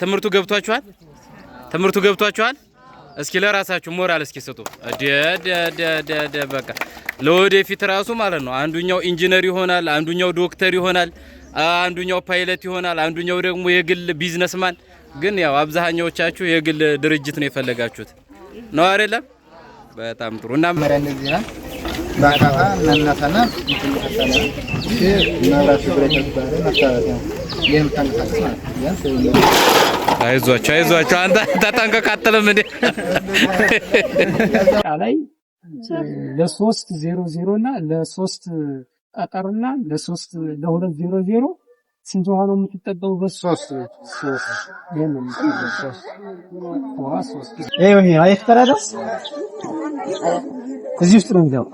ትምህርቱ ገብቷችኋል? ትምህርቱ ገብቷችኋል? እስኪ ለራሳችሁ ሞራል እስኪ ስጡ። ደደደደ በቃ ለወደፊት ራሱ ማለት ነው። አንዱኛው ኢንጂነር ይሆናል፣ አንዱኛው ዶክተር ይሆናል፣ አንዱኛው ፓይለት ይሆናል፣ አንዱኛው ደግሞ የግል ቢዝነስማን። ግን ያው አብዛኛዎቻችሁ የግል ድርጅት ነው የፈለጋችሁት ነው አይደለም? በጣም ጥሩ እና መረን አይዟቸው አይዟቸው። አንተ ተጠንቀቅ እንዴ? ላይ ለሶስት ዜሮ ዜሮ እና ለሶስት ጠጠር እና ለሶስት ለሁለት ዜሮ ዜሮ ስንት ውሃ ነው የምትጠቀሙ? በሶስት እዚህ ውስጥ ነው የሚለው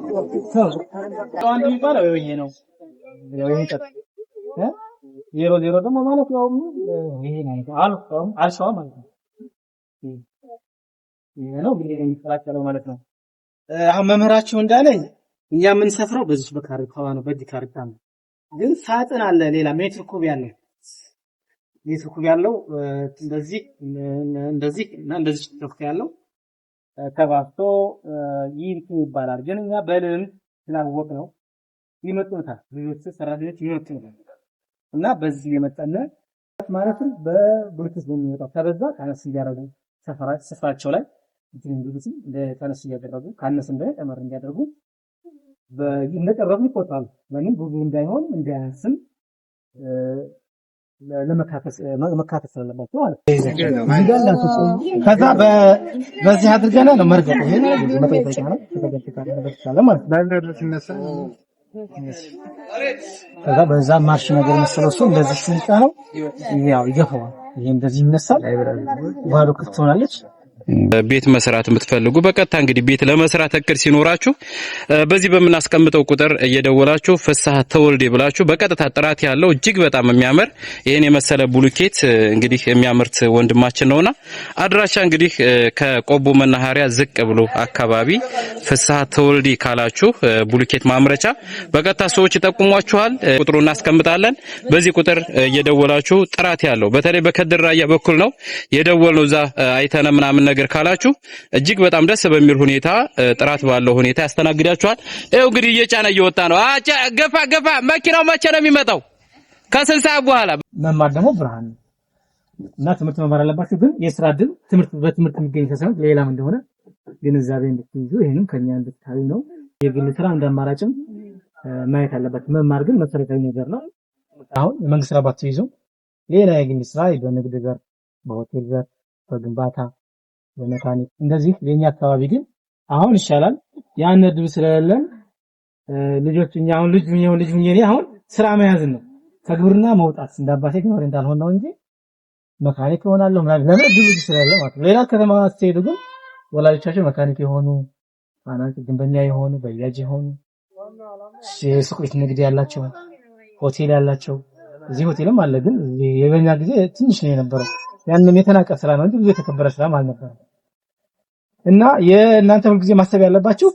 ነው ዜሮ ዜሮ ደግሞ ማለት ነው ይሄ ማለት ነው አልፋው አልሻው ማለት ነው። ይሄ ነው እንግዲህ የሚከራከረው ማለት ነው። አሁን መምህራችሁ እንዳለኝ እኛ የምንሰፍረው በዚህ በካርታዋ ነው፣ በዚህ ካርታ ነው። ግን ሳጥን አለ ሌላ ሜትር ኩብ ያለው ሜትር ኩብ ያለው እንደዚህ እንደዚህ እና እንደዚህ ተፍቶ ያለው ተባብቶ ይንቱ ይባላል። ግን እኛ በልን ስላወቅ ነው ይመጡታል ልጆቹ ሰራተኞች ይመጡታል እና በዚህ የመጣለ ማለትም በብሉቱዝ በሚወጣው ከበዛ ከነስ እያደረጉ ስፍራቸው ላይ ብሉቱዝ ከነስ እያደረጉ ከነስ እንደ ጨመር እንዲያደርጉ እንደቀረቡ ይቆጣሉ። ወይም ብዙ እንዳይሆን እንዳያንስም ለመካተት ስላለባቸው ማለት ነው። ከዛ በዚህ አድርገና ነው መርገጥ ይሄ ነው ማለት ነው። ከዛ በዛ ማርሽ ነገር መሰለው እሱ እንደዚህ ሲንጫ ነው ያው ይገፋዋል። ይሄ እንደዚህ ይነሳል። ባዶ ክፍት ትሆናለች። ቤት መስራት የምትፈልጉ በቀጥታ እንግዲህ ቤት ለመስራት እቅድ ሲኖራችሁ በዚህ በምናስቀምጠው ቁጥር እየደወላችሁ ፍስሐ ተወልዴ ብላችሁ በቀጥታ ጥራት ያለው እጅግ በጣም የሚያምር ይህን የመሰለ ብሎኬት እንግዲህ የሚያምርት ወንድማችን ነውና አድራሻ እንግዲህ ከቆቦ መናኸሪያ ዝቅ ብሎ አካባቢ ፍስሐ ተወልዴ ካላችሁ ብሎኬት ማምረቻ በቀጥታ ሰዎች ይጠቁሟችኋል። ቁጥሩ እናስቀምጣለን። በዚህ ቁጥር እየደወላችሁ ጥራት ያለው በተለይ በከድር ራያ በኩል ነው የደወልነው እዛ አይተነ ምናምን ነገር ካላችሁ እጅግ በጣም ደስ በሚል ሁኔታ ጥራት ባለው ሁኔታ ያስተናግዳችኋል። ይኸው እንግዲህ እየጫነ እየወጣ ነው። አጫ ገፋ ገፋ። መኪናው መቼ ነው የሚመጣው? ከስንት ሰዓት በኋላ። መማር ደግሞ ብርሃን እና ትምህርት መማር አለባችሁ። ግን የስራ ድል ትምህርት በትምህርት የሚገኝ ሳይሆን ሌላም እንደሆነ ግንዛቤ እንድትይዙ ይህንም ከኛ እንድታዩ ነው። የግል ስራ እንደ አማራጭም ማየት አለበት። መማር ግን መሰረታዊ ነገር ነው። አሁን የመንግስት ስራ ባትይዙ ሌላ የግል ስራ በንግድ ዘርፍ፣ በሆቴል ዘርፍ፣ በግንባታ በመካኒክ እንደዚህ። የኛ አካባቢ ግን አሁን ይሻላል። ያን ድብ ስለሌለን ልጆች እኛ አሁን ልጅ ምን ልጅ ምን አሁን ስራ መያዝን ነው ከግብርና መውጣት እንዳባቴ ግብር እንዳልሆን ነው እንጂ መካኒክ ሆናለሁ ማለት ለምን እድሉ ስለሌለ ማለት ነው። ሌላ ከተማ ስትሄዱ ግን ወላጆቻቸው መካኒክ የሆኑ አናት ግንበኛ የሆኑ በያጅ የሆኑ የሱቅ ቤት ንግድ ያላቸው ሆቴል ያላቸው እዚህ ሆቴልም አለ። ግን የበኛ ጊዜ ትንሽ ነው የነበረው። ያንም የተናቀ ስራ ነው እንጂ ብዙ የተከበረ ስራም አልነበረም። እና የእናንተ ሁልጊዜ ማሰብ ያለባችሁ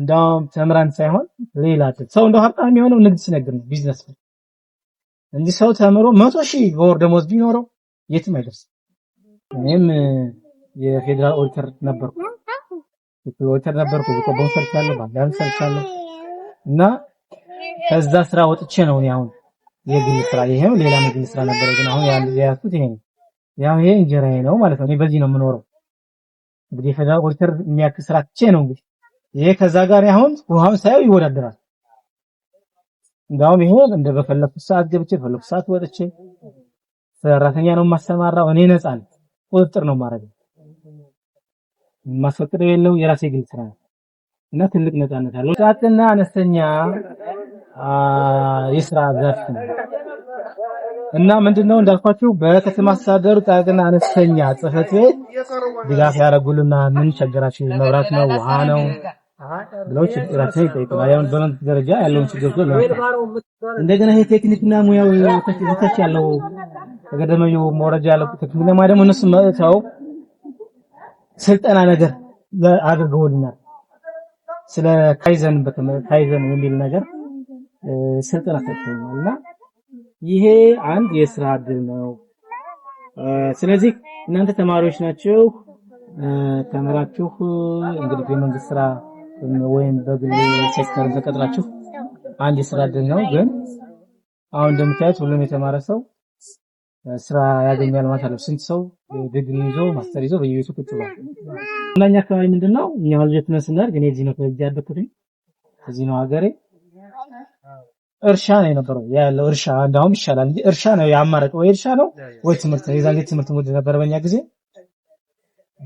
እንደውም ተምረን ሳይሆን ሌላ ሰው እንደው ሀብታም የሚሆነው ንግድ ሲነግር ነው፣ ቢዝነስ ነው እንጂ ሰው ተምሮ መቶ ሺህ በወር ደሞዝ ቢኖረው የትም አይደርስም። እኔም የፌዴራል ኦዲተር ነበርኩ፣ ኦዲተር ነበርኩ። በቆቦን ሰርቻለሁ፣ ባንጋን ሰርቻለሁ። እና ከዛ ስራ ወጥቼ ነው አሁን የግል ስራ ይሄው ሌላ የግል ስራ ነበር፣ ግን አሁን የያዝኩት ይሄ ነው። ያው ይሄ እንጀራዬ ነው ማለት ነው። በዚህ ነው የምኖረው። እንግዲህ የፌዴራል ኦዲተር የሚያክል ስራችን ነው። እንግዲህ ይሄ ከዛ ጋር አሁን ውሃውን ሳይሆን ይወዳደራል። እንዳውም ይሄ እንደ በፈለኩት ሰዓት ገብቼ በፈለኩት ሰዓት ወጥቼ ሰራተኛ ነው የማሰማራው። እኔ ነፃ ነኝ፣ ቁጥጥር ነው የማደርገው። የማስፈቅደው የለው የራሴ ግል ስራ ነው እና ትልቅ ነፃነት አለው። ጥቃቅንና አነስተኛ የስራ ዘርፍ ነው። እና ምንድነው እንዳልኳችሁ በከተማ አስተዳደሩ ጥቃቅንና አነስተኛ ጽህፈት ቤት ድጋፍ ያደርጉልና ምን ቸገራችሁ፣ መብራት ነው፣ ውሃ ነው ብለው ችግራቸው ይጠይቁናል። ያው በእውነት ደረጃ ያለውን ችግር ሁሉ እንደገና ይሄ ቴክኒክና ሙያው ተች ያለው ከገደመው መውረጃ ያለው ቴክኒክና ሙያ ደግሞ እነሱ መጥተው ስልጠና ነገር አድርገውልናል። ስለ ካይዘን በተመ ካይዘን የሚል ነገር ስልጠና ሰጥተውናልና ይሄ አንድ የስራ እድል ነው። ስለዚህ እናንተ ተማሪዎች ናቸው ተምራችሁ እንግዲህ በመንግስት ስራ ወይም በግል ሴክተር ተቀጥራችሁ አንድ የስራ እድል ነው። ግን አሁን እንደምታዩት ሁሉም የተማረ ሰው ስራ ያገኛል ማለት አለው። ስንት ሰው ዲግሪ ይዞ ማስተር ይዞ በየቤቱ ቁጭ ብሏል። ሁላኛ አካባቢ ምንድነው እኛ ልጅ ተነስተናል ግን እዚህ ነው ተጀያደኩት እዚህ ነው ሀገሬ እርሻ ነው የነበረው ያለው እርሻ እንዳውም ይሻላል እንጂ እርሻ ነው ያማረቀው። ወይ እርሻ ነው ወይ ትምህርት ነው። የዛን ትምህርት ሙድ ነበረ በእኛ ጊዜ።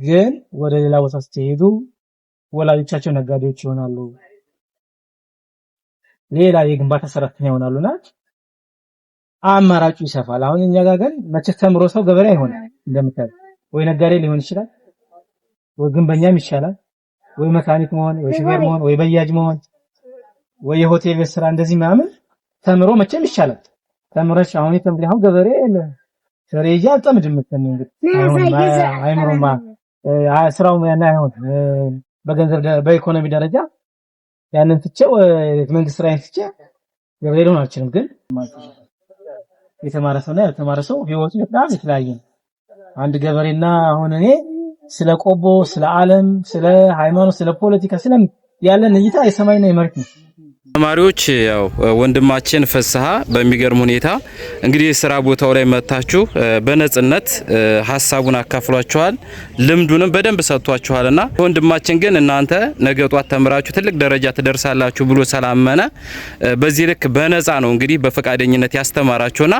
ግን ወደ ሌላ ቦታ ስትሄዱ ወላጆቻቸው ነጋዴዎች ይሆናሉ፣ ሌላ የግንባታ ሰራተኛ ይሆናሉና አማራጩ ይሰፋል። አሁን እኛ ጋር ግን መቼ ተምሮ ሰው ገበሬ አይሆንም። እንደምታዩ ወይ ነጋዴ ሊሆን ይችላል፣ ወይ ግንበኛም ይሻላል፣ ወይ መካኒክ መሆን፣ ወይ ሹፌር መሆን፣ ወይ በያጅ መሆን ወይ የሆቴል ቤት ስራ እንደዚህ ምናምን ተምሮ መቼም ይሻላል። ተምረሽ አሁን የተምሪ አሁን ገበሬ ሸሬጃ አልጠምድም አይምሮማ ስራው ያና አይሆን በገንዘብ በኢኮኖሚ ደረጃ ያንን ትቼ መንግስት ስራዬን ትቼ ገበሬ ልሆን አልችልም። ግን የተማረ ሰውና ያልተማረ ሰው ህይወቱ በጣም የተለያየ ነው። አንድ ገበሬና አሁን እኔ ስለ ቆቦ፣ ስለ ዓለም፣ ስለ ሃይማኖት፣ ስለ ፖለቲካ ስለ ያለን እይታ የሰማይና የመሬት ነው። ተማሪዎች ያው ወንድማችን ፍስሀ በሚገርም ሁኔታ እንግዲህ ስራ ቦታው ላይ መታችሁ በነጽነት ሀሳቡን አካፍሏችኋል፣ ልምዱንም በደንብ ሰጥቷችኋልና ወንድማችን ግን እናንተ ነገ ጧት ተምራችሁ ትልቅ ደረጃ ትደርሳላችሁ ብሎ ስላመነ በዚህ ልክ በነጻ ነው እንግዲህ በፈቃደኝነት ያስተማራችሁና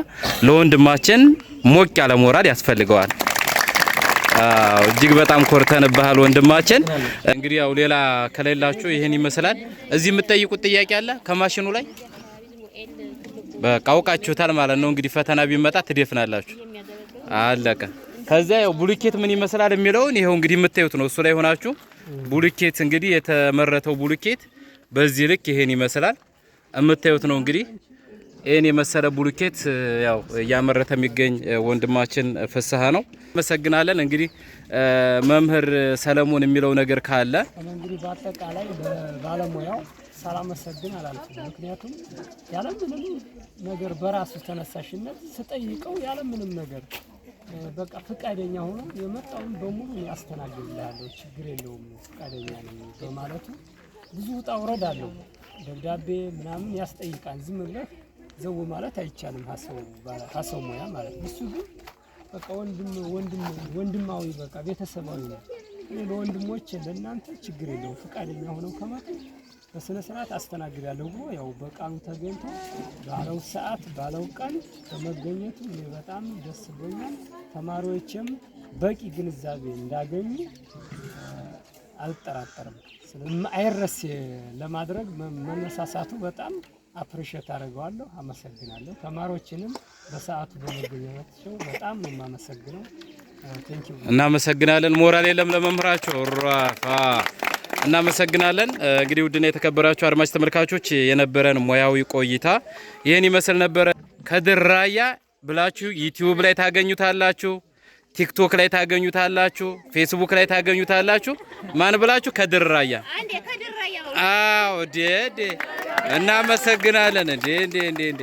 ለወንድማችን ሞቅ ያለ ሞራል ያስፈልገዋል። እጅግ በጣም ኮርተንብሃል ወንድማችን። እንግዲህ ያው ሌላ ከሌላችሁ ይህን ይመስላል። እዚህ የምትጠይቁት ጥያቄ አለ ከማሽኑ ላይ በቃ አውቃችሁታል ማለት ነው። እንግዲህ ፈተና ቢመጣ ትደፍናላችሁ። አለቀ። ከዛ ያው ቡልኬት ምን ይመስላል የሚለውን ይኸው እንግዲህ የምታዩት ነው። እሱ ላይ ሆናችሁ ቡልኬት እንግዲህ የተመረተው ቡልኬት በዚህ ልክ ይሄን ይመስላል የምታዩት ነው እንግዲህ ይህን የመሰለ ቡሉኬት ያው እያመረተ የሚገኝ ወንድማችን ፍስሀ ነው። አመሰግናለን። እንግዲህ መምህር ሰለሞን የሚለው ነገር ካለ እንግዲህ በአጠቃላይ ባለሙያው ሳላመሰግን አላልኩም። ምክንያቱም ያለምንም ነገር በራሱ ተነሳሽነት ስጠይቀው ያለምንም ነገር በቃ ፈቃደኛ ሆኖ የመጣውን በሙሉ ያስተናግድልሃለሁ፣ ችግር የለውም ፈቃደኛ ነኝ በማለቱ ብዙ ውጣ ውረድ አለው። ደብዳቤ ምናምን ያስጠይቃል ዝም ብለህ ዘው ማለት አይቻልም። ሀሰው ሙያ ማለት እሱ ግን በቃ ወንድም ወንድም ወንድማዊ በቃ ቤተሰባዊ ነው። እኔ ለወንድሞች ለእናንተ ችግር የለው ፈቃደኛ ሆነው ከመጡ በስነ ስርዓት አስተናግዳለሁ ብሎ ያው በቃኑ ተገኝቶ ባለው ሰዓት ባለው ቀን በመገኘቱ እኔ በጣም ደስ ብሎኛል። ተማሪዎችም በቂ ግንዛቤ እንዳገኙ አልጠራጠርም። አይረሴ ለማድረግ መነሳሳቱ በጣም አፕሪሼት አደርገዋለሁ። አመሰግናለሁ። ተማሪዎችንም በሰዓቱ በመገኘታቸው በጣም ነው የማመሰግነው። እናመሰግናለን። ሞራል የለም ለመምህራቸው ራፋ እናመሰግናለን። እንግዲህ ውድና የተከበራችሁ አድማጭ ተመልካቾች የነበረን ሙያዊ ቆይታ ይህን ይመስል ነበረ። ከድር ራያ ብላችሁ ዩቲዩብ ላይ ታገኙታላችሁ። ቲክቶክ ላይ ታገኙታላችሁ፣ ፌስቡክ ላይ ታገኙታላችሁ። ማን ብላችሁ? አንዴ ከድራያ። አዎ ዴ ዴ እናመሰግናለን። እንዴ እንዴ እንዴ